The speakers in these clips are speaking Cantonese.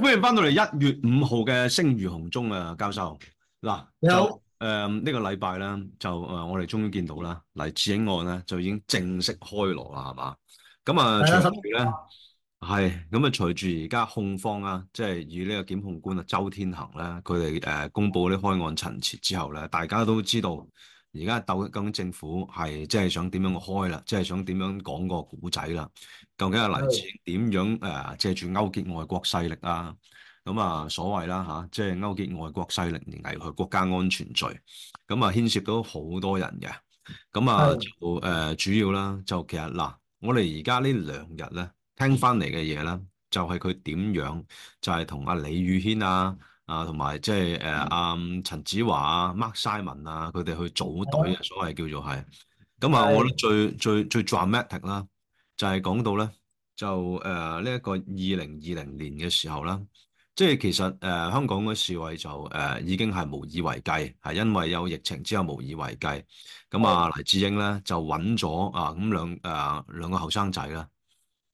歡迎翻到嚟一月五號嘅聲如洪鍾啊，教授。嗱，有，好。呢個禮拜啦，就誒、呃這個呃、我哋終於見到啦，黎智英案咧就已經正式開鑼啦，係嘛？咁啊，隨住咧，係咁啊，隨住而家控方啊，即係以呢個檢控官啊，周天行啦，佢哋誒公佈呢開案陳詞之後咧，大家都知道。而家鬥緊政府係即係想點樣開啦？即、就、係、是、想點樣講個古仔啦？究竟個例子點樣？誒、呃，借住勾結外國勢力啊，咁啊所謂啦嚇，即、啊、係、就是、勾結外國勢力危害國家安全罪，咁啊牽涉到好多人嘅。咁啊，誒、呃、主要啦，就其實嗱、啊，我哋而家呢兩日咧，聽翻嚟嘅嘢咧，就係佢點樣，就係同阿李宇軒啊。啊，同埋即係誒阿陳子華啊、Mark Simon 啊，佢哋去組隊嘅、嗯、所謂叫做係，咁、嗯、啊，我最、嗯、最最 dramatic 啦，就係講到咧，就誒呢一個二零二零年嘅時候啦，即係其實誒、呃、香港嘅侍威示威就誒、呃、已經係無以為繼，係因為有疫情之後無以為繼。咁啊、嗯、黎智英咧就揾咗啊咁兩誒、呃、兩個後生仔啦，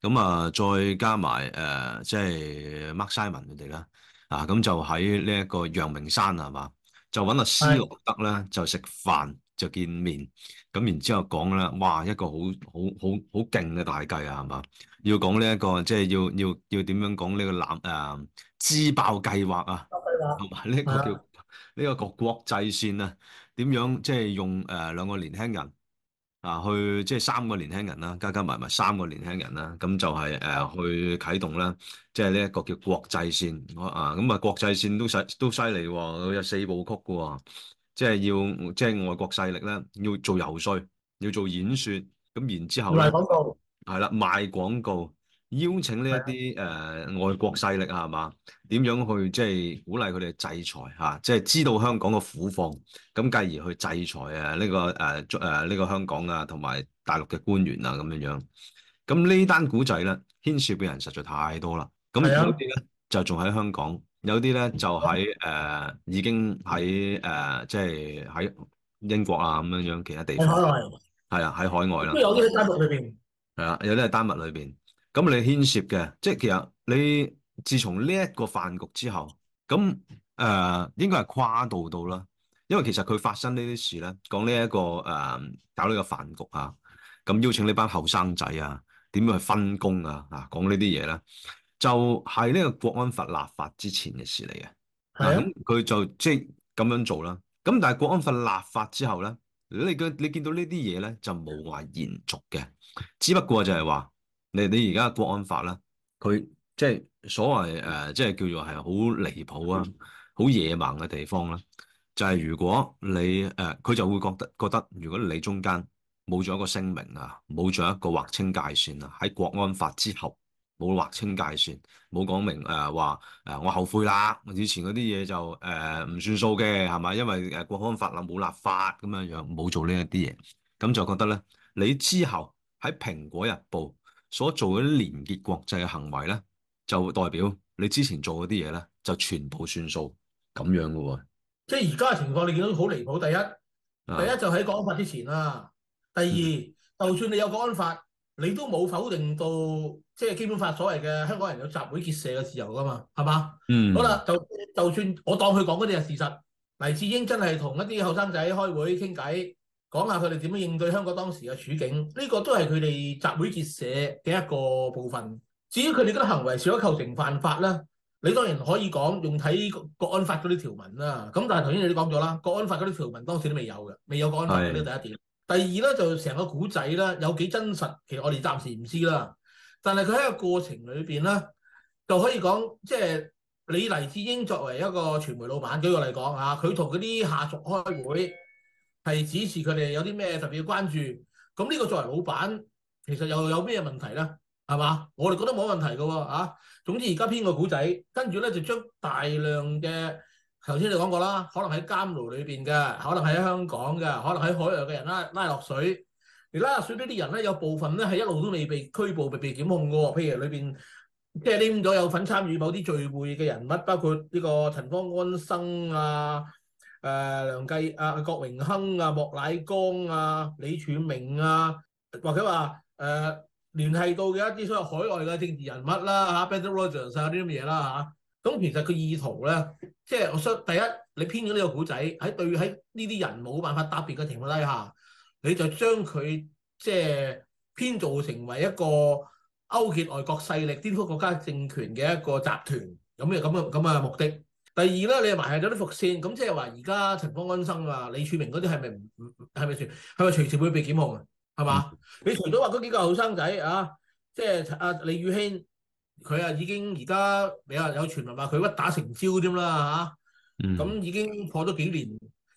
咁啊再加埋誒即係 Mark Simon 佢哋啦。呃就是嗱、啊，咁就喺呢一個陽明山啊，係嘛？就揾阿施諾德咧，就食飯就見面，咁然之後講咧，哇一個好好好好勁嘅大計、這個就是、啊，係嘛？要講呢一個即係要要要點樣講呢個攬、自爆計劃啊，係嘛？呢個叫呢、呢個國際線啊，點樣即係、就是、用誒、呃、兩個年輕人？啊，去即係三個年輕人啦，加加埋埋三個年輕人啦，咁就係、是、誒、啊、去啟動啦，即係呢一個叫國際線，啊咁啊國際線都使都犀利喎，有四部曲嘅喎、哦，即係要即係外國勢力咧要做遊説，要做演説，咁然之後呢買廣告，賣廣告，係啦賣廣告。邀請呢一啲外國勢力、就是、他們啊，係嘛？點樣去即係鼓勵佢哋制裁吓？即係知道香港嘅苦況，咁繼而去制裁啊！呢、這個呢、呃這個、香港啊，同埋大陸嘅官員啊咁樣樣。咁呢單古仔咧，牽涉嘅人實在太多啦。咁有啲咧、啊、就仲喺香港，有啲咧就喺、呃、已經喺、呃、即喺英國啊咁樣樣其他地方。海外係啊，喺、啊、海外啦。有啲喺丹麥裏邊。啊，有啲係丹麥裏邊。咁你牽涉嘅，即係其實你自從呢一個飯局之後，咁誒、呃、應該係跨度到啦。因為其實佢發生呢啲事咧，講呢一個誒、呃、搞呢個飯局啊，咁、啊、邀請呢班後生仔啊，點樣去分工啊，啊講呢啲嘢咧，就係、是、呢個國安法立法之前嘅事嚟嘅嗱。咁佢就即係咁樣做啦。咁但係國安法立法之後咧，你嘅你見到呢啲嘢咧，就冇話延續嘅，只不過就係話。你你而家國安法啦，佢即係所謂誒，即係叫做係好離譜啊，好野蠻嘅地方啦。就係如果你誒，佢就會覺得覺得，如果你中間冇咗一個聲明啊，冇咗一個劃清界線啊，喺國安法之後冇劃清界線，冇講明誒話誒，我後悔啦，以前嗰啲嘢就誒唔算數嘅，係咪？因為誒國安法啦冇立法咁樣樣，冇做呢一啲嘢，咁就覺得咧，你之後喺蘋果日報。所做嗰啲連結國際嘅行為咧，就代表你之前做嗰啲嘢咧，就全部算數咁樣噶喎、啊。即係而家嘅情況，你見到好離譜。第一，是第一就喺《國安法》之前啊。第二，嗯、就算你有《國安法》，你都冇否定到即係、就是、基本法所謂嘅香港人有集會結社嘅自由噶嘛，係嘛？嗯。好啦，就就算我當佢講嗰啲係事實，黎智英真係同一啲後生仔開會傾偈。講下佢哋點樣應對香港當時嘅處境，呢個都係佢哋集會結社嘅一個部分。至於佢哋嗰啲行為是否構成犯法呢？你當然可以講用睇《國安法》嗰啲條文啦。咁但係頭先你都講咗啦，《國安法》嗰啲條文當時都未有嘅，未有《國安法》呢個第一點。第二咧就成個古仔咧有幾真實，其實我哋暫時唔知啦。但係佢喺個過程裏面咧就可以講，即係你黎智英作為一個傳媒老闆，舉個例講嚇，佢同嗰啲下屬開會。係指示佢哋有啲咩特別嘅關注，咁呢個作為老闆，其實又有咩問題咧？係嘛？我哋覺得冇問題嘅喎，啊！總之而家編個故仔，跟住咧就將大量嘅頭先你講過啦，可能喺監牢裏邊嘅，可能喺香港嘅，可能喺海外嘅人啦——拉落水，而拉落水呢啲人咧，有部分咧係一路都未被拘捕、被被檢控嘅喎。譬如裏邊即係拎咗有份參與某啲聚會嘅人物，包括呢個陳方安生啊。誒、呃、梁繼啊，郭榮鏗啊，莫乃光啊，李柱銘啊，或者話誒、呃、聯繫到嘅一啲所謂海外嘅政治人物啦，嚇 Benedict Rogers 啊啲咁嘅嘢啦嚇，咁、啊啊、其實佢意圖咧，即係我想第一你編咗呢個古仔喺對喺呢啲人冇辦法答辯嘅情況底下，你就將佢即係編造成為一個勾結外國勢力顛覆國家政權嘅一個集團，有咩咁啊咁啊目的？第二咧，你又埋下咗啲伏線，咁即係話而家陳方安生啊、李柱銘嗰啲係咪唔唔係咪算係咪隨時會被檢控啊？係嘛、嗯？你除咗話嗰幾個後生仔啊，即係阿李宇軒，佢啊已經而家比較有傳聞話佢屈打成招添啦嚇，咁、啊嗯、已經破咗幾年，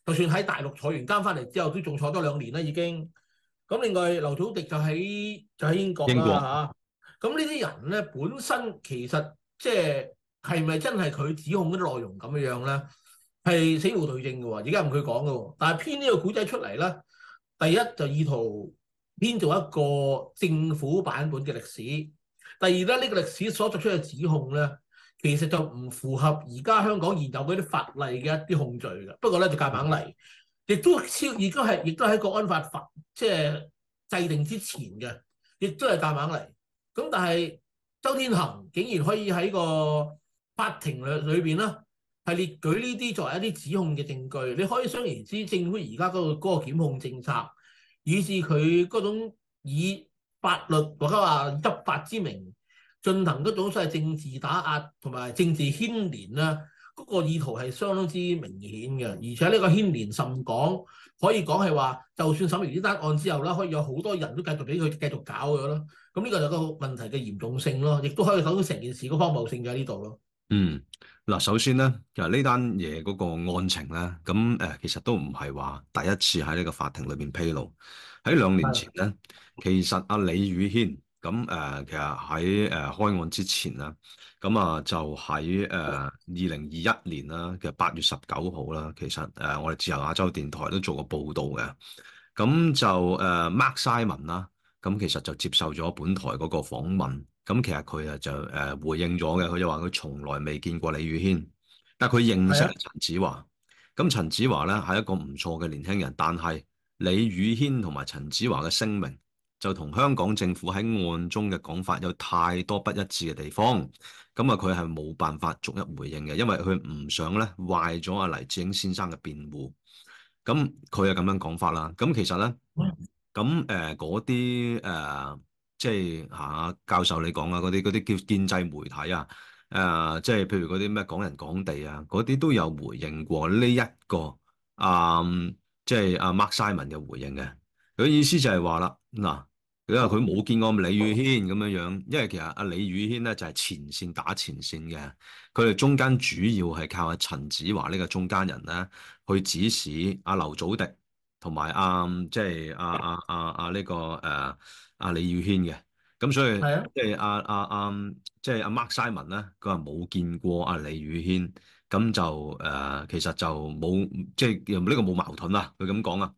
就算喺大陸坐完監翻嚟之後，都仲坐多兩年啦已經。咁另外劉祖迪就喺就喺英國，英國啊，咁呢啲人咧本身其實即、就、係、是。係咪真係佢指控啲內容咁樣樣咧？係死無對證嘅喎，而家唔佢講嘅喎。但係編呢個古仔出嚟咧，第一就意圖編造一個政府版本嘅歷史；第二咧，呢個歷史所作出嘅指控咧，其實就唔符合而家香港現有嗰啲法例嘅一啲控罪嘅。不過咧，就夾硬嚟，亦都超，亦都係，亦都喺《國安法》法即係制定之前嘅，亦都係夾硬嚟。咁但係周天恒竟然可以喺個法庭裏面邊咧係列舉呢啲作為一啲指控嘅證據。你可以可想而知，政府而家嗰個檢檢控政策，以至佢嗰種以法律，或者家話執法之名進行嗰種所謂政治打壓同埋政治牽連呢，嗰個意圖係相當之明顯嘅，而且呢個牽連甚廣，可以講係話，就算審完呢單案之後啦，可以有好多人都繼續俾佢繼續搞咗咯。咁呢個就個問題嘅嚴重性咯，亦都可以講到成件事個荒謬性就喺呢度咯。嗯，嗱，首先咧，其實呢單嘢嗰個案情咧，咁誒，其實都唔係話第一次喺呢個法庭裏邊披露。喺兩年前咧，其實阿李宇軒咁誒，其實喺誒開案之前啦，咁啊就喺誒二零二一年啦嘅八月十九號啦，其實誒我哋自由亞洲電台都做過報道嘅，咁就誒 Mark Simon 啦，咁其實就接受咗本台嗰個訪問。咁其實佢啊就誒回應咗嘅，佢就話佢從來未見過李宇軒，但佢認識陳子華。咁陳子華咧係一個唔錯嘅年輕人，但係李宇軒同埋陳子華嘅聲明就同香港政府喺案中嘅講法有太多不一致嘅地方。咁啊，佢係冇辦法逐一回應嘅，因為佢唔想咧壞咗阿黎智英先生嘅辯護。咁佢係咁樣講法啦。咁其實咧，咁誒嗰啲誒。即係嚇教授你講啊，嗰啲啲叫建制媒體啊，誒、啊，即係譬如嗰啲咩港人港地啊，嗰啲都有回應過呢一個啊，即係阿、啊、Mark Simon 有回應嘅，佢意思就係話啦，嗱、啊，因為佢冇見過李宇軒咁樣樣，因為其實阿李宇軒咧就係前線打前線嘅，佢哋中間主要係靠阿陳子華呢個中間人咧去指示阿劉祖迪同埋阿即係阿阿阿阿呢個誒。啊阿李宇軒嘅，咁所以即係阿阿阿即係阿 Mark Simon 咧，佢話冇見過阿李宇軒，咁就誒、呃、其實就冇即係呢、呢個冇矛盾啦，佢咁講啊。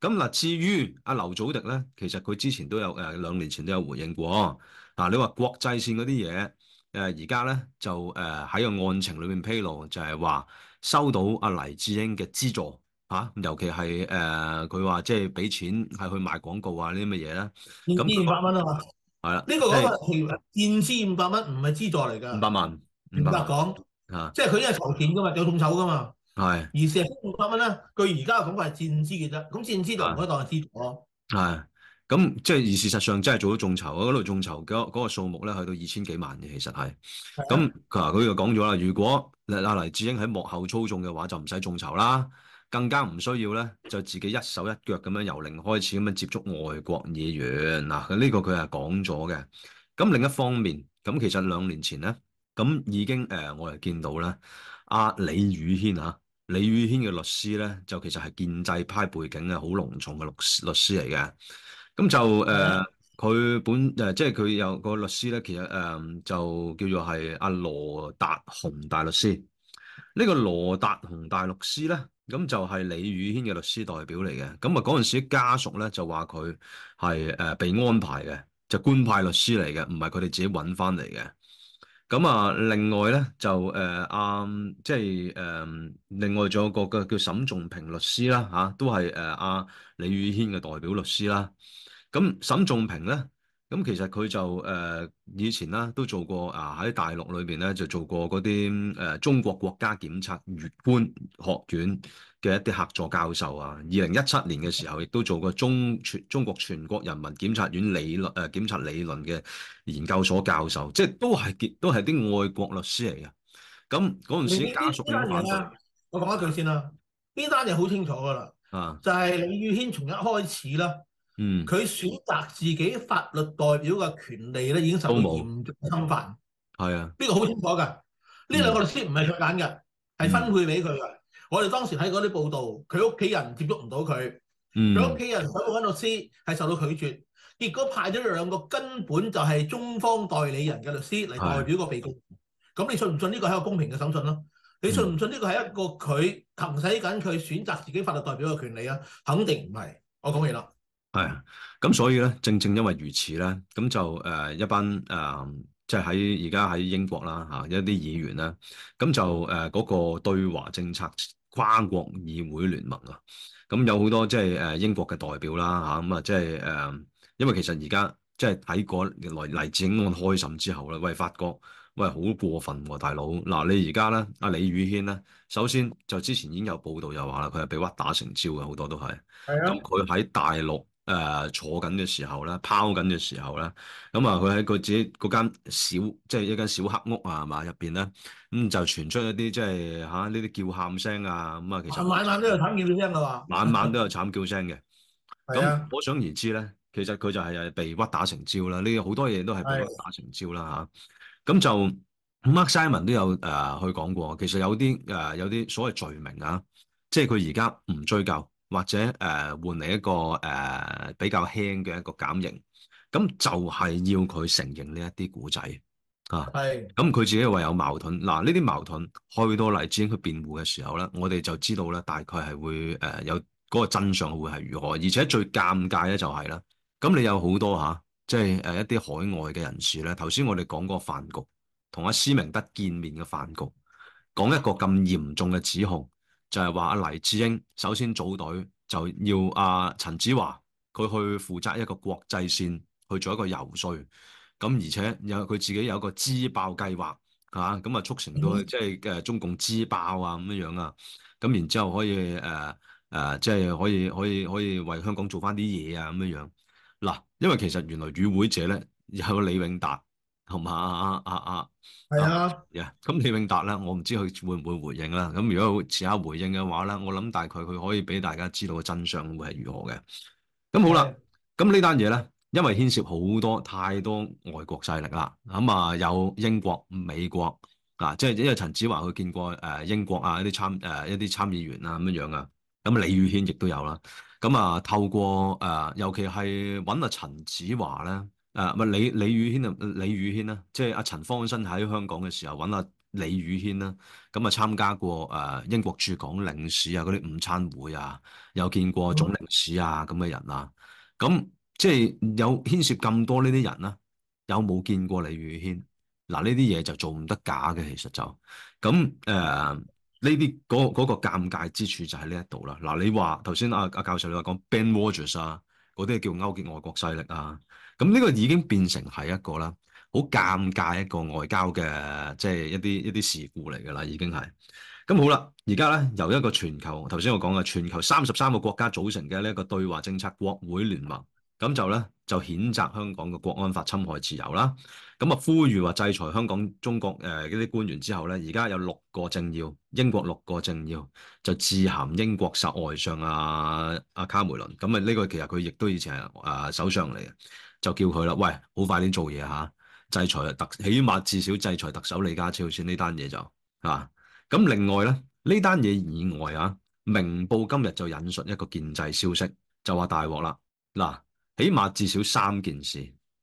咁嗱，至於阿劉祖迪咧，其實佢之前都有誒兩年前都有回應過，嗱，你話國際線嗰啲嘢，誒而家咧就誒喺個案情裏面披露就係話收到阿黎智英嘅資助。吓、啊，尤其係誒，佢話即係俾錢係去賣廣告啊，呢啲乜嘢咧？咁五五百蚊啊嘛，係、嗯、啦，呢、啊這個講法係墊資五百蚊，唔係資助嚟噶，五百萬，五百港，啊，即係佢因為籌錢噶嘛，有眾籌噶嘛，係，而事實上五百蚊啦，佢而家嘅講法係墊資嘅啫，咁墊資唔可以當係資助咯，係，咁即係而事實上真係做到眾籌，嗰度眾籌嗰嗰個數目咧去到二千幾萬嘅，其實係，咁佢又講咗啦，如果阿黎智英喺幕後操縱嘅話就，就唔使眾籌啦。更加唔需要咧，就自己一手一腳咁樣由零開始咁樣接觸外國議員嗱。呢、啊這個佢係講咗嘅。咁另一方面，咁其實兩年前咧，咁已經誒、呃、我係見到咧，阿、啊、李宇軒嚇、啊、李宇軒嘅律師咧，就其實係建制派背景嘅好濃重嘅律、律師律師嚟嘅。咁就誒佢、呃、本誒即係佢有個律師咧，其實誒、呃、就叫做係阿、啊、羅達雄大律師。呢、這個羅達雄大律師咧。咁就係李宇軒嘅律師代表嚟嘅，咁啊嗰陣時家屬咧就話佢係誒被安排嘅，就是、官派律師嚟嘅，唔係佢哋自己揾翻嚟嘅。咁啊，另外咧就誒阿即係誒，另外仲有個叫沈仲平律師啦，吓、啊、都係誒阿李宇軒嘅代表律師啦。咁沈仲平咧。咁其實佢就誒、呃、以前啦，都做過啊喺大陸裏邊咧，就做過嗰啲誒中國國家檢察官學院嘅一啲客座教授啊。二零一七年嘅時候，亦都做過中全中國全國人民檢察院理論誒檢察理論嘅研究所教授，即係都係都係啲愛國律師嚟嘅。咁嗰陣時家屬，簡述啲反證。我講一句先啦、啊，邊單嘢好清楚㗎啦、啊，就係、是、李宇軒從一開始啦。.嗯，佢選擇自己法律代表嘅權利咧，已經受到嚴重侵犯。係啊，邊、呢個好清楚㗎。呢、嗯、兩個律師唔係佢揀㗎，係分配俾佢㗎。我哋當時喺嗰啲報道，佢屋企人接觸唔到佢，佢屋企人想揾律師係受到拒絕，結果派咗兩個根本就係中方代理人嘅律師嚟代表個被告。咁、啊、你信唔信呢個係一個公平嘅審訊咯？你信唔信呢個係一個佢行使緊佢選擇自己法律代表嘅權利啊？肯定唔係。我講完啦。係、啊，咁所以咧，正正因為如此咧，咁就誒、呃、一班誒，即係喺而家喺英國啦吓、啊，一啲議員咧，咁、啊、就誒嗰、呃那個對華政策跨國議會聯盟啊，咁有好多即係誒英國嘅代表啦吓，咁啊即係誒，因為其實而家即係睇過嚟黎智英案開審之後咧，喂發覺，喂好、哎、過分喎、啊、大佬，嗱、啊、你而家咧阿李宇軒咧，首先就之前已經有報道又話啦，佢係被屈打成招嘅，好多都係，咁佢喺大陸。誒、呃、坐緊嘅時候啦，拋緊嘅時候啦，咁啊佢喺佢自己嗰間小，即、就、係、是、一間小黑屋啊嘛，入邊咧，咁、嗯、就傳出一啲即係嚇呢啲叫喊聲啊，咁啊其實晚晚都有慘叫聲嘅喎，晚晚都有慘叫聲嘅。咁 可、啊、想而知咧，其實佢就係被屈打成招啦。呢好多嘢都係被屈打成招啦嚇。咁、啊、就 Mark Simon 都有誒、呃、去講過，其實有啲誒、呃、有啲所謂罪名啊，即係佢而家唔追究。或者誒、呃、換嚟一個誒、呃、比較輕嘅一個減刑，咁就係要佢承認呢一啲古仔啊。係。咁佢自己話有矛盾，嗱呢啲矛盾去到黎智英佢辯護嘅時候咧，我哋就知道咧大概係會誒、呃、有嗰、那個真相會係如何，而且最尷尬咧就係、是、啦，咁你有好多吓，即係、啊就是、一啲海外嘅人士咧，頭先我哋講個個飯局，同阿施明德見面嘅飯局，講一個咁嚴重嘅指控。就係話阿黎智英首先組隊就要阿陳子華佢去負責一個國際線去做一個遊說咁，而且有佢自己有一個資爆計劃咁啊，就促成到即係中共資爆啊咁樣樣啊咁，然之後可以即係、啊啊即係、可以可以可以為香港做翻啲嘢啊咁樣嗱、啊，因為其實原來與會者咧有李永達。同埋啊啊啊，係啊，咁、啊啊 yeah. 李永達咧，我唔知佢會唔會回應啦。咁如果遲下回應嘅話咧，我諗大概佢可以俾大家知道個真相會係如何嘅。咁好啦，咁呢單嘢咧，因為牽涉好多太多外國勢力啦。咁啊，有英國、美國啊，即、就、係、是、因為陳子華佢見過誒、啊、英國啊一啲參誒一啲參議員啊咁樣樣啊。咁李宇軒亦都有啦。咁啊，透過誒、啊，尤其係揾阿陳子華咧。啊，唔係李李宇軒啊，李宇軒啦，即係阿陳方生喺香港嘅時候揾阿李宇軒啦，咁啊參加過啊英國駐港領事啊嗰啲午餐會啊，有見過總領事啊咁嘅人啊。咁即係有牽涉咁多呢啲人啦，有冇見過李宇軒？嗱呢啲嘢就做唔得假嘅，其實就咁誒，呢啲嗰嗰個尷尬之處就喺呢一度啦。嗱，你話頭先阿阿教授你話講 Ben Rogers 啊？嗰啲叫勾結外國勢力啊！咁呢個已經變成係一個啦，好尷尬一個外交嘅即係一啲一啲事故嚟嘅啦，已經係咁好啦。而家咧由一個全球頭先我講嘅全球三十三個國家組成嘅呢一個對華政策國會聯盟。咁就咧就譴責香港嘅國安法侵害自由啦，咁啊呼籲話制裁香港中國嗰啲、呃、官員之後咧，而家有六個政要，英國六個政要就致函英國殺外相啊，阿、啊、卡梅倫，咁啊呢個其實佢亦都以前係啊首相嚟嘅，就叫佢啦，喂，好快啲做嘢嚇、啊，制裁特，起碼至少制裁特首李家超先，呢單嘢就係，咁另外咧呢單嘢以外啊，《明報》今日就引述一個建制消息，就話大鑊啦，嗱、啊。起碼至少三件事，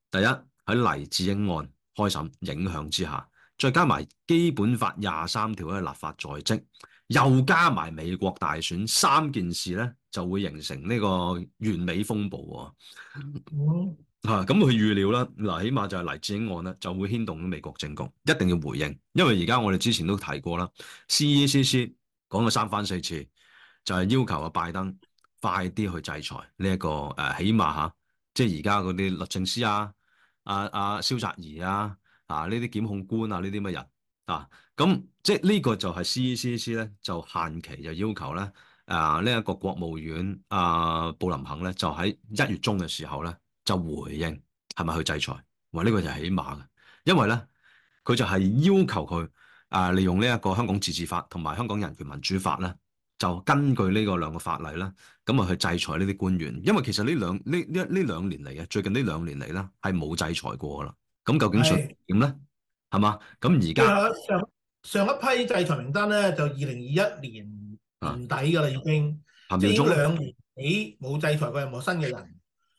第一喺黎智英案開審影響之下，再加埋基本法廿三條嘅立法在即，又加埋美國大選，三件事咧就會形成呢個完美風暴喎。咁佢預料啦，嗱起碼就係黎智英案咧就會牽動到美國政局，一定要回應，因為而家我哋之前都提過啦，CECC 講咗三番四次，就係、是、要求阿拜登快啲去制裁呢、這、一個誒、呃、起碼嚇。即係而家嗰啲律政司啊、啊啊蕭澤怡啊、啊呢啲檢控官啊呢啲乜人啊，咁即係呢個就係 C C C 咧，就限期就要求咧啊呢一個國務院啊布林肯咧，就喺一月中嘅時候咧就回應係咪去制裁，話、哎、呢個就係起碼嘅。因為咧佢就係要求佢啊利用呢一個香港自治法同埋香港人權民主法咧，就根據呢個兩個法例咧。咁啊，去制裁呢啲官員，因為其實呢兩呢呢呢兩年嚟呀，最近呢兩年嚟啦，係冇制裁過噶啦。咁究竟算點咧？係嘛？咁而家上上一批制裁名單咧，就二零二一年年底噶啦，已經、啊、就已經兩年幾冇、啊、制裁過任何新嘅人。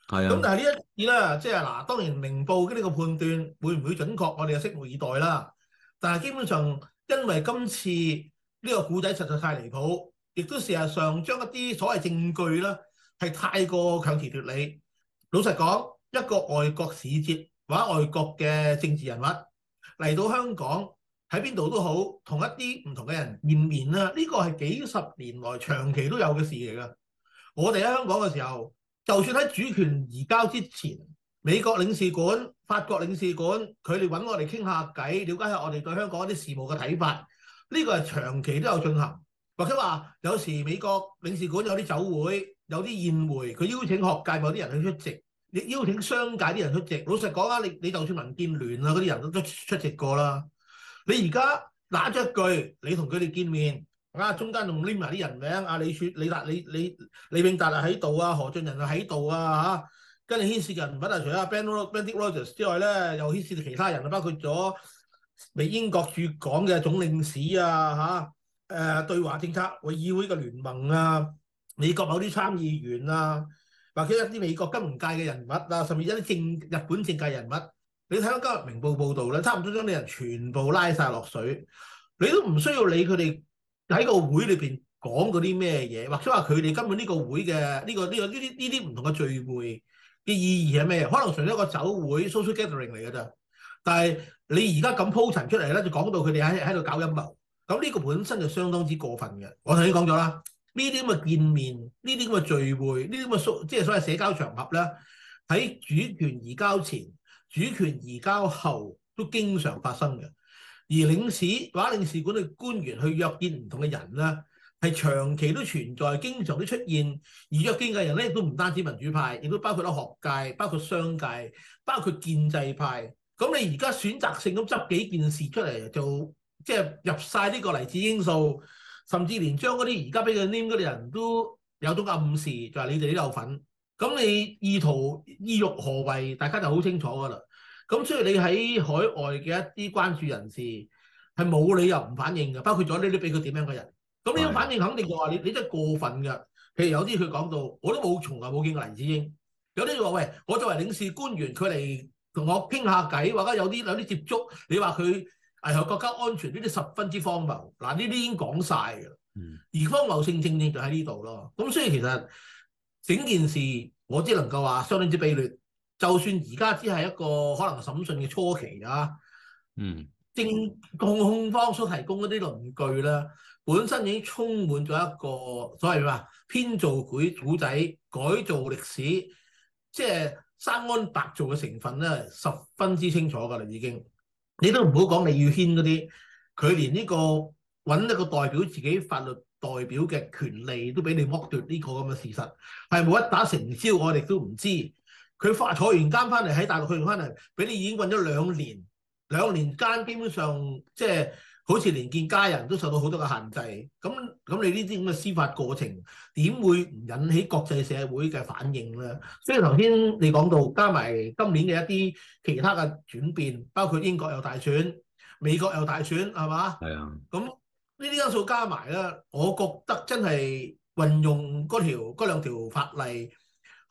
係啊。咁但係呢一次啦，即係嗱，當然明報嘅呢個判斷會唔會準確，我哋就拭目以待啦。但係基本上，因為今次呢個古仔實在太離譜。亦都事實上將一啲所謂證據啦，係太過強詞奪理。老實講，一個外國使節或者外國嘅政治人物嚟到香港，喺邊度都好，同一啲唔同嘅人面面啦。呢個係幾十年來長期都有嘅事嚟㗎。我哋喺香港嘅時候，就算喺主權移交之前，美國領事館、法國領事館，佢哋揾我哋傾下偈，了解下我哋對香港一啲事務嘅睇法，呢個係長期都有進行。或者話，有時美國領事館有啲酒會，有啲宴會，佢邀請學界某啲人去出席，亦邀請商界啲人去出席。老實講啊，你你就算民建聯啊，嗰啲人都出出席過啦。你而家打咗一句，你同佢哋見面啊？中間仲攆埋啲人名啊，李雪、李達、李李李永達啊喺度啊，何俊仁啊喺度啊嚇。跟住牽涉人品啊，除咗 Ben Benedict Rogers 之外咧，又牽涉其他人啊，包括咗美英國駐港嘅總領事啊嚇。誒、呃、對華政策，或議會嘅聯盟啊，美國某啲參議員啊，或者一啲美國金融界嘅人物啊，甚至一啲政日本政界人物，你睇到今日明報報導咧，差唔多將啲人全部拉晒落水，你都唔需要理佢哋喺個會裏邊講嗰啲咩嘢，或者話佢哋根本呢個會嘅呢、呢個呢、呢個呢啲呢啲唔同嘅聚會嘅意義係咩？可能純粹一個酒會 social gathering 嚟嘅咋。但係你而家咁鋪陳出嚟咧，就講到佢哋喺喺度搞陰謀。咁呢個本身就相當之過分嘅。我頭先講咗啦，呢啲咁嘅見面、呢啲咁嘅聚會、呢啲咁嘅即係所謂社交場合咧，喺主權移交前、主權移交後都經常發生嘅。而領事或者領事館嘅官員去約見唔同嘅人咧，係長期都存在、經常都出現。而約見嘅人咧，都唔單止民主派，亦都包括咗學界、包括商界、包括建制派。咁你而家選擇性咁執幾件事出嚟就？即係入晒呢個黎智英數，甚至連將嗰啲而家俾佢黏嗰啲人都有種暗示，就係你哋都有份。咁你意圖意欲何為？大家就好清楚㗎啦。咁所以你喺海外嘅一啲關注人士係冇理由唔反應嘅，包括咗呢啲俾佢點樣嘅人。咁呢種反應肯定話你你真係過分㗎。譬如有啲佢講到我都從來冇見過黎智英。有啲就話喂，我作為領事官員，佢嚟同我傾下偈，或者有啲有啲接觸，你話佢。係國家安全呢啲十分之荒謬，嗱呢啲已經講曬嘅。嗯，而荒謬性正正就喺呢度咯。咁所以其實整件事我只能夠話相當之卑劣。就算而家只係一個可能審訊嘅初期啊，嗯，正控控方所提供嗰啲論據咧，本身已經充滿咗一個所謂話編造古古仔、改造歷史，即係三安白造嘅成分咧，十分之清楚㗎啦，已經。你都唔好講李宇軒嗰啲，佢連呢個揾一個代表自己法律代表嘅權利都俾你剝奪呢個咁嘅事實，係冇一打成招我。我哋都唔知。佢花坐完監翻嚟喺大陸去完翻嚟俾你已經困咗兩年，兩年間基本上即係。好似連見家人都受到好多嘅限制，咁咁你呢啲咁嘅司法過程點會唔引起國際社會嘅反應咧？所以頭先你講到加埋今年嘅一啲其他嘅轉變，包括英國有大選、美國有大選，係嘛？係啊。咁呢啲因素加埋咧，我覺得真係運用嗰條嗰兩條法例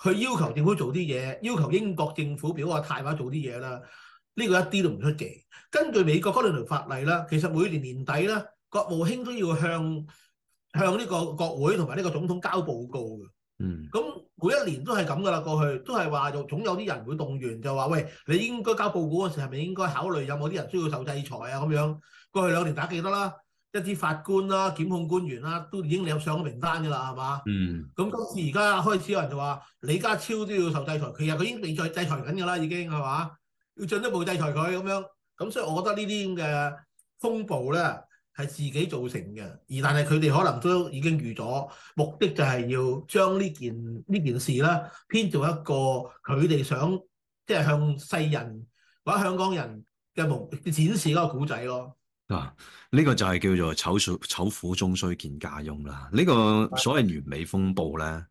去要求政府做啲嘢，要求英國政府表個態或者做啲嘢啦。呢、個一啲都唔出奇。根據美國嗰兩條法例啦，其實每年年底啦，國務卿都要向向呢個國會同埋呢個總統交報告嘅。嗯。咁每一年都係咁噶啦，過去都係話，總有啲人會動員，就話喂，你應該交報告嗰時係咪應該考慮有冇啲人需要受制裁啊？咁樣過去兩年大家記得啦，一啲法官啦、檢控官員啦，都已經有上咗名單㗎啦，係嘛？嗯。咁而而家開始有人就話李家超都要受制裁，佢其實佢已經再制裁緊㗎啦，已經係嘛？要進一步制裁佢咁樣，咁所以我覺得呢啲咁嘅風暴咧係自己造成嘅，而但係佢哋可能都已經預咗，目的就係要將呢件呢件事啦編做一個佢哋想即係向世人或者香港人嘅目展示嘅一個故仔咯。嗱、啊，呢、呢個就係叫做醜水醜婦終須見家翁啦。呢、呢個所謂完美風暴咧，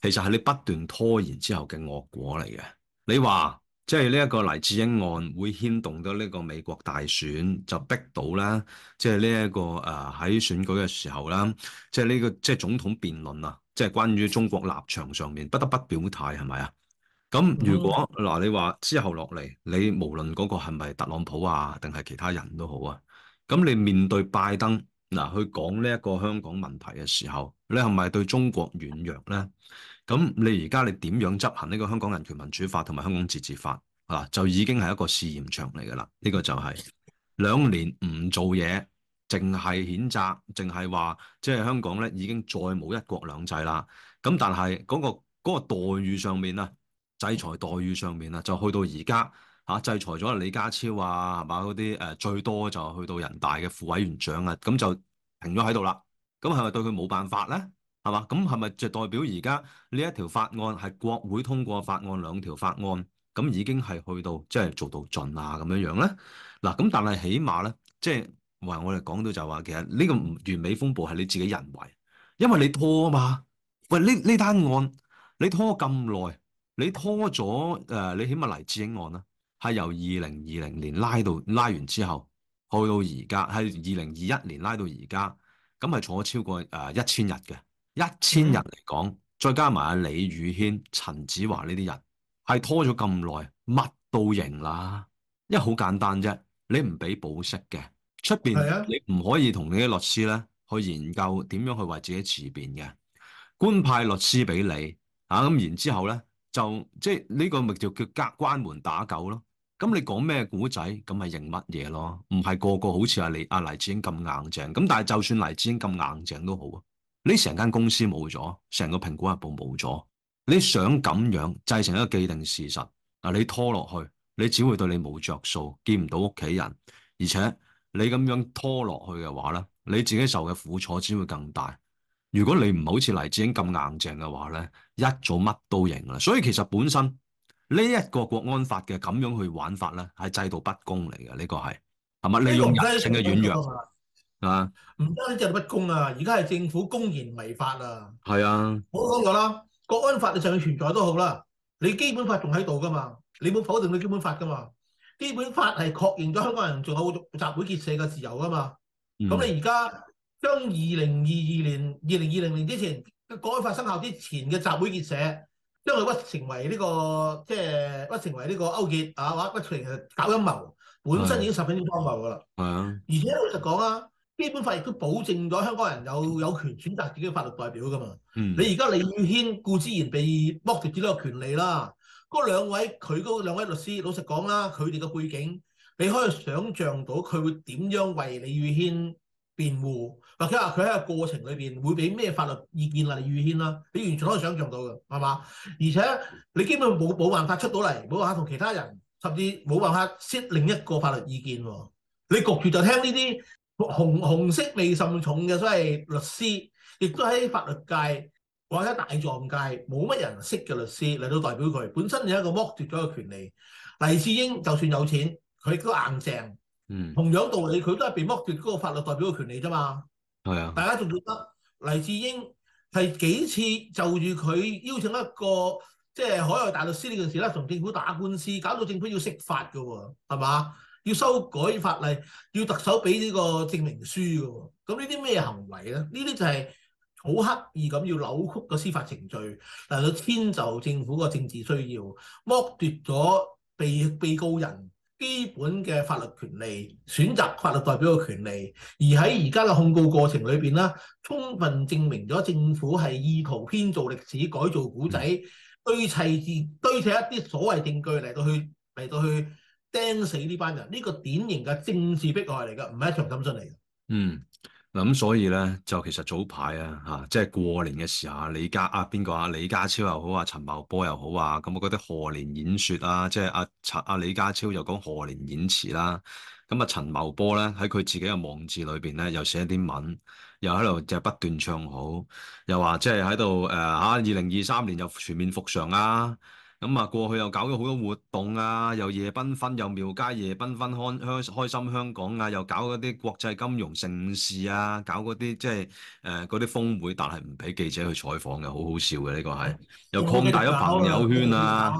其實係你不斷拖延之後嘅惡果嚟嘅。你話？即係呢一個黎智英案會牽動到呢個美國大選，就逼到啦。即係呢一個誒喺、呃、選舉嘅時候啦，即係呢、呢個即係總統辯論啊，即係關於中國立場上面不得不表態係咪啊？咁如果嗱、嗯、你話之後落嚟，你無論嗰個係咪特朗普啊，定係其他人都好啊，咁你面對拜登嗱、呃、去講呢一個香港問題嘅時候，你係咪對中國軟弱咧？咁你而家你點樣執行呢個香港人權民主法同埋香港自治法啊就已經係一個試驗場嚟噶啦，呢個就係兩年唔做嘢，淨係譴責，淨係話即係香港咧已經再冇一國兩制啦。咁但係嗰個嗰個待遇上面啊，制裁待遇上面啊，就去到而家吓制裁咗李家超啊，係嘛嗰啲誒最多就去到人大嘅副委員長啊，咁就停咗喺度啦。咁係咪對佢冇辦法咧？係嘛？咁係咪就代表而家呢一條法案係國會通過法案，兩條法案咁已經係去到即係、就是、做到盡啊咁樣樣咧？嗱，咁但係起碼咧，即係話我哋講到就話，其實呢個唔完美風暴係你自己人為，因為你拖啊嘛喂？呢呢單案你拖咁耐，你拖咗誒、呃，你起碼黎智英案啦，係由二零二零年拉到拉完之後去到而家，喺二零二一年拉到而家咁係坐咗超過誒一千日嘅。一千人嚟講、嗯，再加埋阿李宇軒、陳子華呢啲人，係拖咗咁耐，乜都贏啦。因為好簡單啫，你唔俾保釋嘅，出邊你唔可以同你啲律師咧去研究點樣去為自己辭辯嘅，官派律師俾你，吓、啊、咁然之後咧就即係呢、這個咪就叫隔關門打狗咯。咁你講咩古仔，咁咪認乜嘢咯？唔係個個好似阿李阿黎智英咁硬淨，咁但係就算黎智英咁硬淨都好啊。你成間公司冇咗，成個蘋果日報冇咗，你想咁樣製成一個既定事實，你拖落去，你只會對你冇着數，見唔到屋企人，而且你咁樣拖落去嘅話咧，你自己受嘅苦楚只會更大。如果你唔好似黎智英咁硬淨嘅話咧，一做乜都贏啦。所以其實本身呢一個國安法嘅咁樣去玩法咧，係制度不公嚟嘅，呢個係係咪利用人性嘅軟弱？啊！唔單止制度不公啊，而家係政府公然違法啊。係啊，我都講過啦。國安法你就算存在都好啦，你基本法仲喺度噶嘛？你冇否定佢基本法噶嘛？基本法係確認咗香港人仲有集會結社嘅自由噶嘛？咁、嗯、你而家將二零二二年、二零二零年之前國安法生效之前嘅集會結社，將佢屈成為呢、這個即係屈成為呢個勾結啊，或屈成為搞陰謀，本身已經十分之荒謬噶啦。係啊，而且老實講啊。基本法亦都保證咗香港人有有權選擇自己嘅法律代表㗎嘛。嗯、你而家李宇軒固之然被剝奪自己個權利啦。嗰兩位佢嗰兩位律師，老實講啦，佢哋嘅背景，你可以想像到佢會點樣為李宇軒辯護。或者話佢喺個過程裏邊會俾咩法律意見啦？李宇軒啦，你完全可以想像到㗎，係嘛？而且你基本上冇冇辦法出到嚟，冇辦法同其他人，甚至冇辦法 set 另一個法律意見喎。你焗住就聽呢啲。紅紅色未甚重嘅，所謂律師亦都喺法律界或者大狀界冇乜人識嘅律師嚟到代表佢，本身有一個剝奪咗嘅權利。黎智英就算有錢，佢都硬淨。嗯，同樣道理，佢都係被剝奪嗰個法律代表嘅權利啫嘛。係、嗯、啊，大家仲記得黎智英係幾次就住佢邀請一個即係、就是、海外大律師呢件事咧，同政府打官司，搞到政府要釋法㗎喎，係嘛？要修改法例，要特首俾呢個證明書嘅喎，咁呢啲咩行為咧？呢啲就係好刻意咁要扭曲個司法程序，嚟到遷就政府個政治需要，剝奪咗被被告人基本嘅法律權利、選擇法律代表嘅權利，而喺而家嘅控告過程裏邊咧，充分證明咗政府係意圖編造歷史、改造古仔、堆砌字、堆砌一啲所謂證據嚟到去嚟到去。釘死呢班人，呢、這個典型嘅政治迫害嚟㗎，唔係一場謠訊嚟㗎。嗯，咁所以咧，就其實早排啊，嚇，即係過年嘅時候，李家啊，邊個啊、就是、啊，啊，李家超又好啊，陳、啊、茂波又好啊，咁我覺得賀年演説啊，即係阿陳阿李家超又講賀年演辭啦，咁啊陳茂波咧喺佢自己嘅網誌裏邊咧又寫啲文，又喺度就不斷唱好，又話即係喺度誒嚇二零二三年又全面復常啊！咁啊，過去又搞咗好多活動啊，又夜繽紛，又廟街夜繽紛，開開開心香港啊，又搞嗰啲國際金融盛事啊，搞嗰啲即係誒嗰啲峰會，但係唔俾記者去採訪嘅，好好笑嘅呢、這個係，又擴大咗朋友圈啊，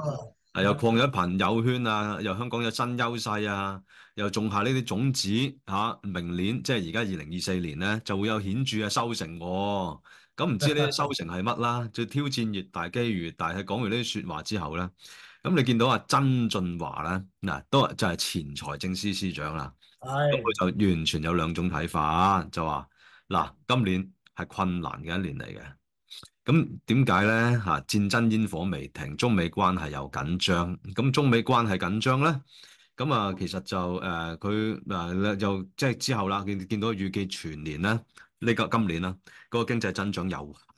係又擴大咗朋友圈啊，又香港有新優勢啊，又種下呢啲種子嚇、啊，明年即係而家二零二四年咧就會有顯著嘅收成喎、啊。咁唔知呢啲收成係乜啦？就挑戰越大，機遇越大，但係講完呢啲説話之後咧，咁你見到阿曾俊華咧，嗱都就係前財政司司長啦，咁佢就完全有兩種睇法，就話嗱今年係困難嘅一年嚟嘅。咁點解咧？嚇戰爭煙火未停，中美關係又緊張。咁中美關係緊張咧，咁啊其實就誒佢嗱又即係之後啦，見見到預計全年咧。呢個今年啦，嗰、嗰個經濟增長有限，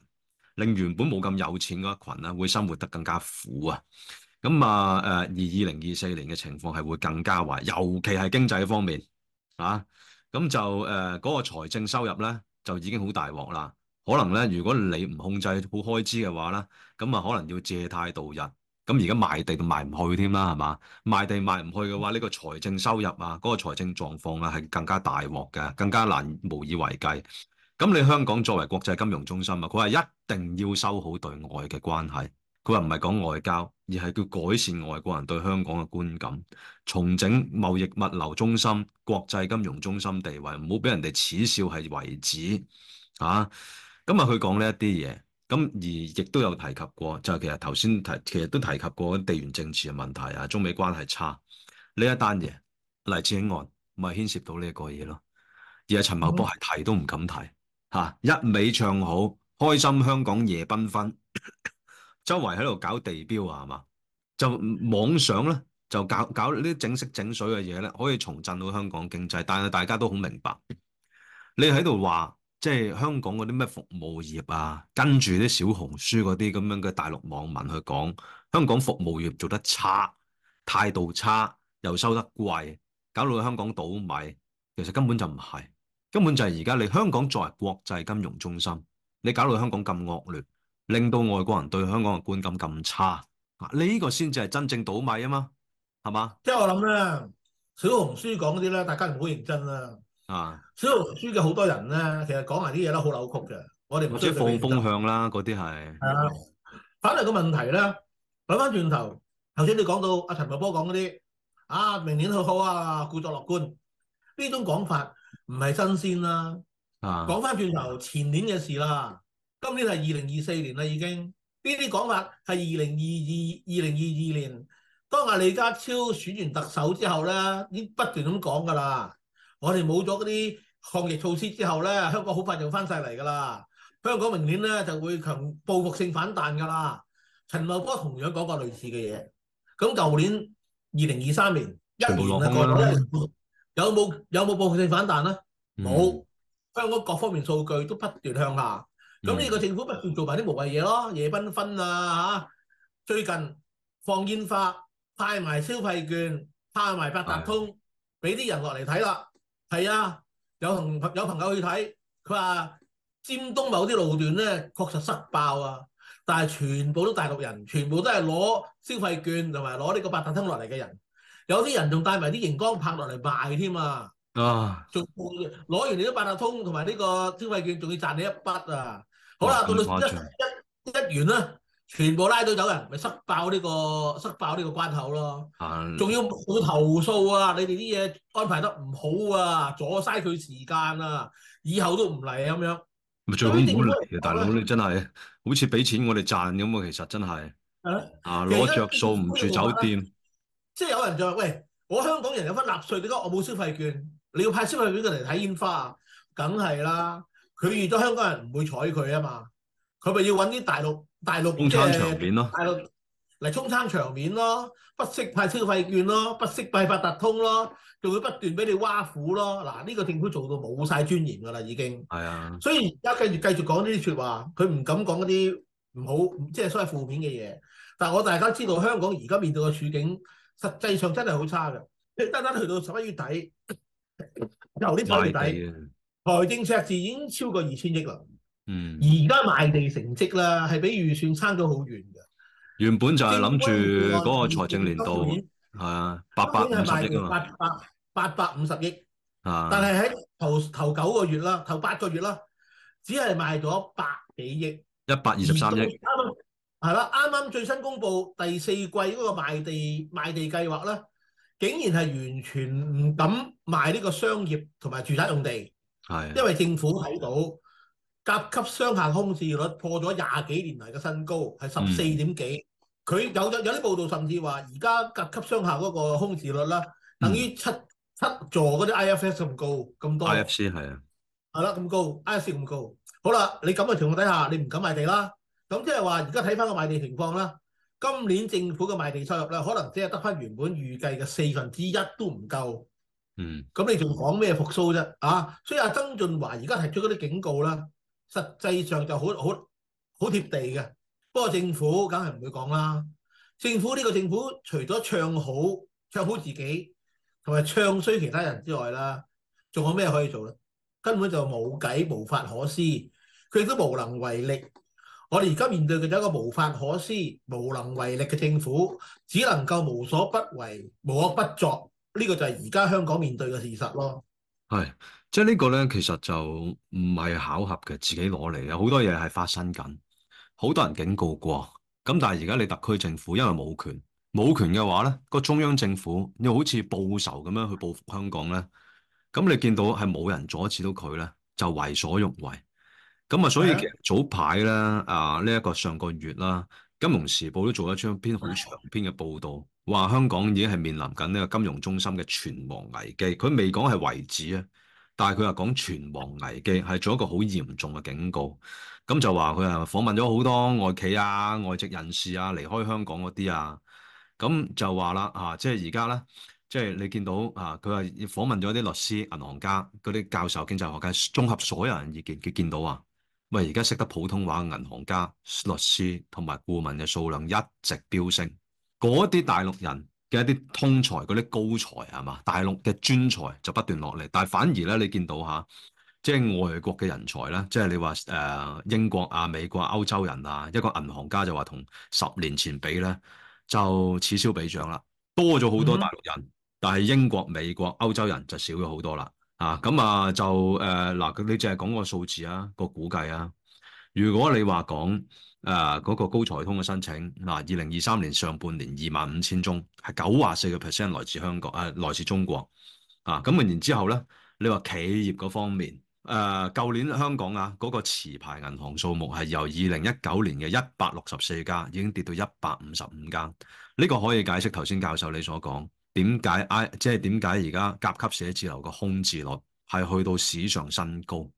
令原本冇咁有錢嗰一群啦，會生活得更加苦啊！咁啊誒，而二零二四年嘅情況係會更加壞，尤其係經濟方面啊！咁就誒嗰、呃嗰個財政收入咧，就已經好大鑊啦。可能咧，如果你唔控制好開支嘅話咧，咁啊可能要借貸度日。咁而家賣地都賣唔去添啦，係嘛？賣地賣唔去嘅話，呢、呢個財政收入啊，嗰、嗰個財政狀況啊，係更加大鑊嘅，更加難無以為繼。咁你香港作為國際金融中心啊，佢係一定要修好對外嘅關係。佢話唔係講外交，而係叫改善外國人對香港嘅觀感，重整貿易物流中心、國際金融中心地位，唔好俾人哋恥笑係遺址。啊。佢講呢一啲嘢，咁而亦都有提及過，就係、是、其實頭先提，其實都提及過地緣政治嘅問題啊，中美關係差呢一單嘢黎智英案，咪牽涉到呢一個嘢咯。而陳茂波係提都唔敢提。嗯一味唱好，開心香港夜繽紛，周圍喺度搞地標啊，係嘛？就網上咧，就搞搞呢啲整色整水嘅嘢咧，可以重振到香港經濟。但係大家都好明白，你喺度話即係香港嗰啲咩服務業啊，跟住啲小紅書嗰啲咁樣嘅大陸網民去講，香港服務業做得差，態度差，又收得貴，搞到香港倒米，其實根本就唔係。根本就係而家你香港作為國際金融中心，你搞到香港咁惡劣，令到外國人對香港嘅觀感咁差，啊呢個先至係真正倒米啊嘛，係嘛？即係我諗咧，小紅書講啲咧，大家唔好認真啦。啊，小紅書嘅好多人咧，其實講埋啲嘢都好扭曲嘅，我哋唔即係放風向啦，嗰啲係。係、啊、反嚟個問題咧，諗翻轉頭頭先你講到阿陳茂波講嗰啲，啊明年好好啊，故作樂觀呢種講法。唔係新鮮啦、啊，講翻轉頭前年嘅事啦，今年係二零二四年啦已經。呢啲講法係二零二二二零二二年，當阿李家超選完特首之後咧，已經不斷咁講噶啦。我哋冇咗嗰啲抗疫措施之後咧，香港好快就翻晒嚟噶啦。香港明年咧就會強報復性反彈噶啦。陳茂波同樣講過類似嘅嘢。咁舊年二零二三年、啊、一有冇有冇報復性反彈咧？冇、嗯，香港各方面數據都不斷向下。咁、嗯、呢個政府不斷做埋啲無謂嘢咯，夜繽紛，紛啊嚇、啊，最近放煙花，派埋消費券，派埋八達通，俾、嗯、啲人落嚟睇啦。係、嗯、啊，有朋有朋友去睇，佢話尖東某啲路段咧確實塞爆啊，但係全部都大陸人，全部都係攞消費券同埋攞呢個八達通落嚟嘅人。有啲人仲帶埋啲熒光棒落嚟賣添啊！仲、啊、攞完你都八達通同埋呢個消費券，仲要賺你一筆啊！哦、好啦，到一一,一完啦，全部拉到走人，咪塞爆呢、呢個塞爆呢個關口咯。仲、啊、要冇投訴啊！你哋啲嘢安排得唔好啊，阻曬佢時間啊，以後都唔嚟咁樣。最好唔好嚟，大佬你真係、啊、好似俾錢我哋賺咁啊，啊！其實真係啊，攞着數唔住酒店。啊即係有人就話：喂，我香港人有份納稅，點解我冇消費券？你要派消費券嚟睇煙花啊。梗係啦，佢遇到香港人唔會睬佢啊嘛。佢咪要揾啲大陸大陸，即係、啊、大陸嚟充撐場面咯，不惜派消費券咯，不惜派發達通咯，仲會不斷俾你挖苦咯。嗱，呢個政府做到冇晒尊嚴㗎啦，已經係啊。所以而家繼續繼續講呢啲說話，佢唔敢講嗰啲唔好即係、就是、所謂負面嘅嘢。但係我大家知道香港而家面對嘅處境。實際上真係好差㗎，你單單去到十一月底，由呢排底，財政赤字已經超過二千億啦。嗯，而家賣地成績啦，係比預算差咗好遠㗎。原本就係諗住嗰個財政年度，係啊，八百，八百，八百五十億。啊，但係喺頭頭九個月啦，頭八個月啦，只係賣咗百幾億，一百二十三億。係啦，啱啱最新公布第四季嗰個賣地賣地計劃咧，竟然係完全唔敢賣呢個商業同埋住宅用地。係，因為政府睇到甲級商廈空置率破咗廿幾年嚟嘅新高，係十四點幾。佢有有啲報道，甚至話而家甲級商廈嗰個空置率啦，等於七七座嗰啲 IFS 咁高咁多。IFC，係係啦，咁高 IFC 咁高。好啦，你咁嘅情況底下，你唔敢賣地啦。咁即係話，而家睇翻個賣地情況啦，今年政府嘅賣地收入咧，可能只係得翻原本預計嘅四分之一都唔夠。嗯，咁你仲講咩復甦啫？啊，所以阿曾俊華而家提出嗰啲警告啦，實際上就好好好貼地嘅。不過政府梗係唔會講啦。政府呢個政府除咗唱好唱好自己，同埋唱衰其他人之外啦，仲有咩可以做咧？根本就冇計，無法可施，佢亦都無能為力。我哋而家面對嘅就一個無法可施、無能為力嘅政府，只能夠無所不為、無惡不作。呢個就係而家香港面對嘅事實咯。係，即係呢個咧，其實就唔係巧合嘅，自己攞嚟嘅，好多嘢係發生緊，好多人警告過。咁但係而家你特區政府因為冇權，冇權嘅話咧，個中央政府又好似報仇咁樣去報復香港咧，咁你見到係冇人阻止到佢咧，就為所欲為。咁啊，所以其實早排咧啊，呢、這、一個上個月啦，《金融時報》都做咗一張篇好長篇嘅報道，話香港已經係面臨緊呢個金融中心嘅存亡危機。佢未講係為止啊，但係佢又講存亡危機係做一個好嚴重嘅警告。咁就話佢係訪問咗好多外企啊、外籍人士啊離開香港嗰啲啊，咁就話啦啊，即係而家咧，即係你見到啊，佢係訪問咗啲律師、銀行家、嗰啲教授、經濟學家，綜合所有人意見，佢見到啊。喂，而家識得普通話嘅銀行家、律師同埋顧問嘅數量一直飆升，嗰啲大陸人嘅一啲通才，嗰啲高才係嘛？大陸嘅專才就不斷落嚟，但係反而咧，你見到吓，即係外國嘅人才呢，即係你話誒英國、啊美國、歐洲人啊，一個銀行家就話同十年前比咧，就此消彼長啦，多咗好多大陸人，嗯、但係英國、美國、歐洲人就少咗好多啦。啊，咁啊就誒嗱、呃，你淨係講個數字啊，個估計啊。如果你話講誒嗰個高才通嘅申請，嗱、呃，二零二三年上半年二萬五千宗，係九啊四個 percent 來自香港誒、啊，來自中國啊。咁然之後咧，你話企業嗰方面誒，舊、呃、年香港啊嗰、嗰個持牌銀行數目係由二零一九年嘅一百六十四家已經跌到一百五十五家，呢、呢個可以解釋頭先教授你所講。點解 I 即係點解而家甲級寫字樓個空置率係去到史上新高？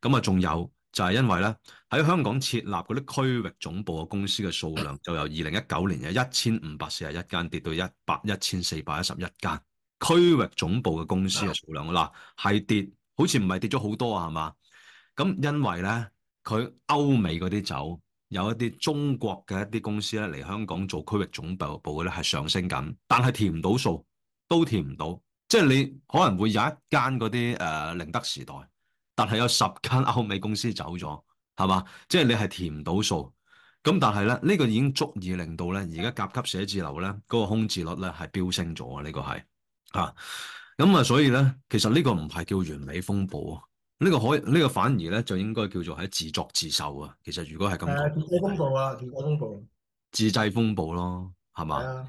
咁啊，仲有就係因為咧喺香港設立嗰啲區域總部嘅公司嘅數量就由二零一九年嘅一千五百四十一間跌到一百一千四百一十一間，區域總部嘅公司嘅數量喇，係跌，好似唔係跌咗好多啊，係嘛？咁因為咧佢歐美嗰啲酒。有一啲中國嘅一啲公司咧嚟香港做區域總部部咧係上升緊，但係填唔到數，都填唔到。即係你可能會有一間嗰啲誒寧德時代，但係有十間歐美公司走咗，係嘛？即係你係填唔到數。咁但係咧，呢個已經足以令到咧而家甲級寫字樓咧嗰個空置率咧係飆升咗、呢個、啊！呢個係嚇。咁啊，所以咧，其實呢個唔係叫完美風暴啊。呢、這個可呢、這個反而咧就應該叫做係自作自受啊！其實如果係咁，自製風暴啦，自製風暴，的自製風暴咯，係嘛？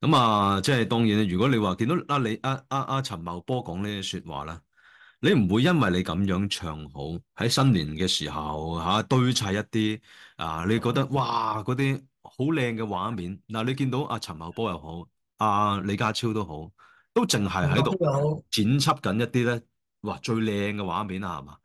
咁啊，即係當然啦。如果你話見到阿李阿阿阿陳茂波講呢啲說話啦，你唔會因為你咁樣唱好喺新年嘅時候吓堆砌一啲啊，你覺得哇嗰啲好靚嘅畫面嗱、啊？你見到阿、啊、陳茂波又好，阿、啊、李家超都好，都淨係喺度剪輯緊一啲咧。哇！最靚嘅畫面啊，係嘛？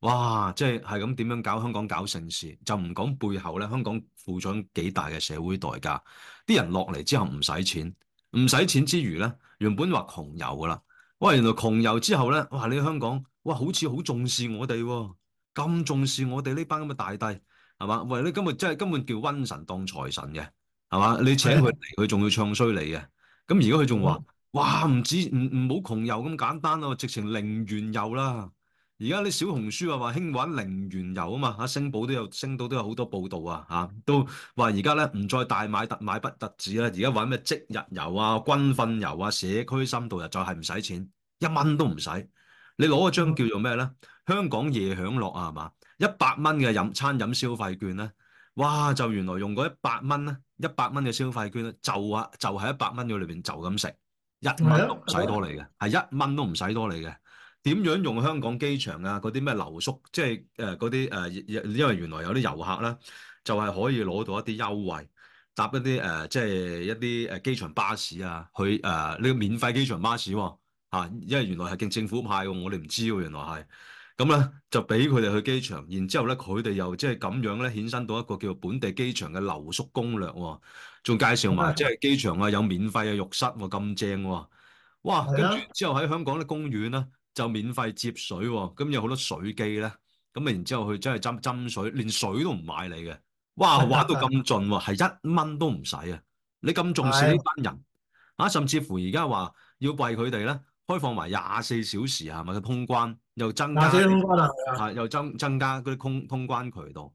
哇！即係係咁點樣搞香港搞盛事，就唔講背後咧，香港付咗幾大嘅社會代價。啲人落嚟之後唔使錢，唔使錢之餘咧，原本話窮遊噶啦，哇！原來窮遊之後咧，哇！你在香港哇，好似好重視我哋喎，咁重視我哋呢班咁嘅大帝，係嘛？喂！你今日真係根本叫瘟神當財神嘅，係嘛？你請佢嚟，佢仲要唱衰你嘅。咁而家佢仲話。嗯哇！唔止唔唔好窮遊咁簡單咯、啊，直情零元遊啦。而家啲小紅書話話興玩零元遊啊嘛，星報都有升到都有好多報道啊，啊都話而家咧唔再大買特買不特止啦。而家玩咩即日遊啊、軍訓遊啊、社區深度遊就係唔使錢，一蚊都唔使。你攞一張叫做咩咧？香港夜享樂啊，係嘛？一百蚊嘅飲餐飲消費券咧，哇！就原來用嗰一百蚊咧，一百蚊嘅消費券咧，就啊就喺一百蚊嘅裏面就咁食。一蚊都唔使多你嘅，係一蚊都唔使多你嘅。點樣用香港機場啊？嗰啲咩流宿，即係誒嗰啲誒，因為原來有啲遊客啦，就係、是、可以攞到一啲優惠，搭一啲誒、呃，即係一啲誒機場巴士啊，佢誒呢個免費機場巴士喎、啊，因為原來係勁政府派喎、啊，我哋唔知喎、啊，原來係。咁咧就俾佢哋去機場，然之後咧佢哋又即係咁樣咧，衍生到一個叫本地機場嘅留宿攻略喎，仲介紹埋即係機場啊有免費嘅浴室喎，咁正喎，哇！跟住之後喺香港啲公園咧就免費接水，咁有好多水機咧，咁啊然之後去真係斟斟水，連水都唔買你嘅，哇！玩到咁盡喎，係一蚊都唔使啊！你咁重視呢班人啊，甚至乎而家話要為佢哋咧開放埋廿四小時係咪去通關？又增加廿四小時，又增增加嗰啲通通關渠道。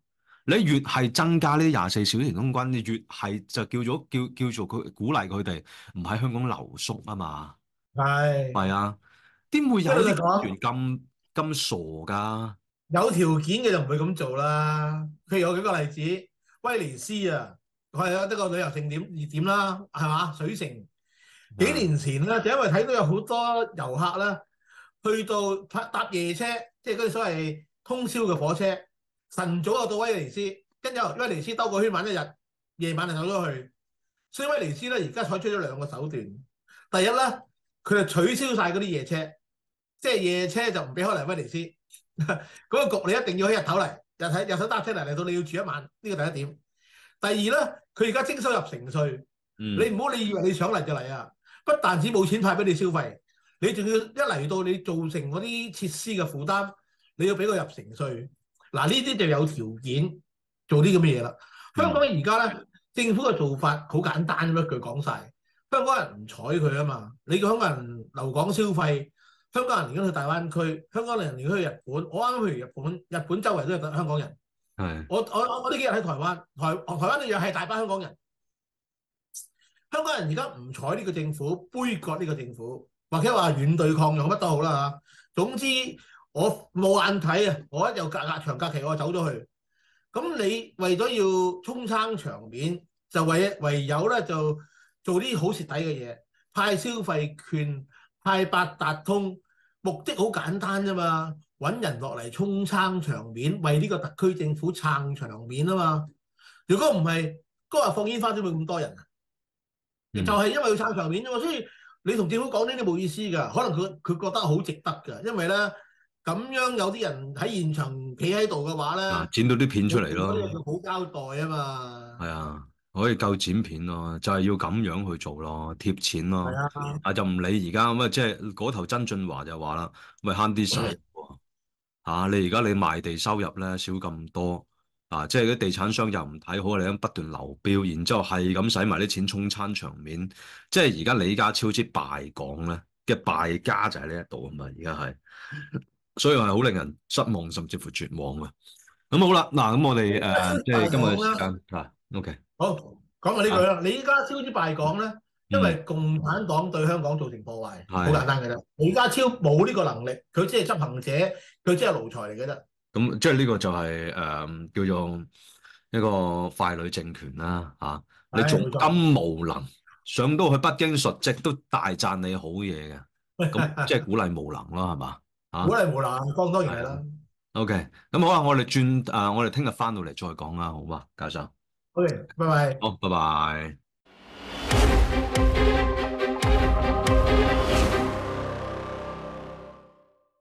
你越係增加呢啲廿四小時通關，你越係就叫做叫叫做佢鼓勵佢哋唔喺香港留宿啊嘛。係係啊，點會有呢段咁咁傻噶？有條件嘅就唔會咁做啦。譬如我舉個例子，威尼斯啊，係啊，呢個旅遊勝點熱點啦，係嘛，水城。幾年前咧，啊啊，就因為睇到有好多遊客啦。去到搭夜車，即係嗰啲所謂通宵嘅火車，晨早就到威尼斯，跟住威尼斯兜個圈玩一日，夜晚就走咗去。所以威尼斯咧，而家採取咗兩個手段。第一咧，佢就取消晒嗰啲夜車，即係夜車就唔俾開嚟威尼斯嗰、嗰個局，你一定要喺日頭嚟，日頭日頭搭車嚟嚟到你要住一晚，呢、呢個第一點。第二咧，佢而家徵收入城稅、嗯，你唔好你以為你想嚟就嚟啊！不但止冇錢派俾你消費。你仲要一嚟到你造成嗰啲設施嘅負擔，你要俾佢入城稅。嗱，呢啲就有條件做啲咁嘅嘢啦。香港而家咧，政府嘅做法好簡單，一句講晒，香港人唔睬佢啊嘛，你香港人留港消費，香港人而家去大灣區，香港人而家去日本。我啱去日本，日本周圍都係香港人。係，我我我呢幾日喺台灣，台台灣又係大班香港人。香港人而家唔睬呢個政府，杯葛呢個政府。或者話軟對抗用乜都好啦嚇，總之我冇眼睇啊！我一有隔隔長假期，我就走咗去。咁你為咗要衝撐場面，就唯唯有咧就做啲好蝕底嘅嘢，派消費券、派八達通，目的好簡單啫嘛，揾人落嚟衝撐場面，為呢個特區政府撐場面啊嘛。如果唔係，嗰日放煙花點會咁多人啊？就係、是、因為要撐場面啫嘛，所以。你同政府講呢啲冇意思噶，可能佢佢覺得好值得噶，因為咧咁樣有啲人喺現場企喺度嘅話咧，剪到啲片出嚟咯，好交代啊嘛。係啊，可以夠剪片咯，就係、是、要咁樣去做咯，貼錢咯、啊啊。啊，就唔理而家咁啊，即係嗰頭曾俊華就話啦，咪慳啲錢喎。嚇，你而家你賣地收入咧少咁多。啊！即係啲地產商又唔睇好，你 咁不斷流標，然之後係咁使埋啲錢充餐場面，即係而家李家超之敗港咧，嘅敗家就喺呢一度啊嘛！而家係，所以係好令人失望甚至乎絕望啊！咁好啦，嗱咁我哋誒，即 係、呃、 今日時間，係 OK，好講埋呢句啦。 李家超之敗港咧，因為共產黨對香港造成破壞，好、嗯、簡單嘅啫。李家超冇呢個能力，佢只係執行者，佢只係奴才嚟嘅啫。咁即係呢個就係、是、誒、嗯、叫做一個傀儡政權啦嚇、啊，你從今無能、哎、上到去北京述職都大讚你好嘢嘅，咁即係鼓勵無能咯係嘛嚇？鼓勵無能，當然係啦。O K，咁好啊，我哋轉誒，我哋聽日翻到嚟再講啦，好嗎，教授？O K，拜拜。好，拜拜。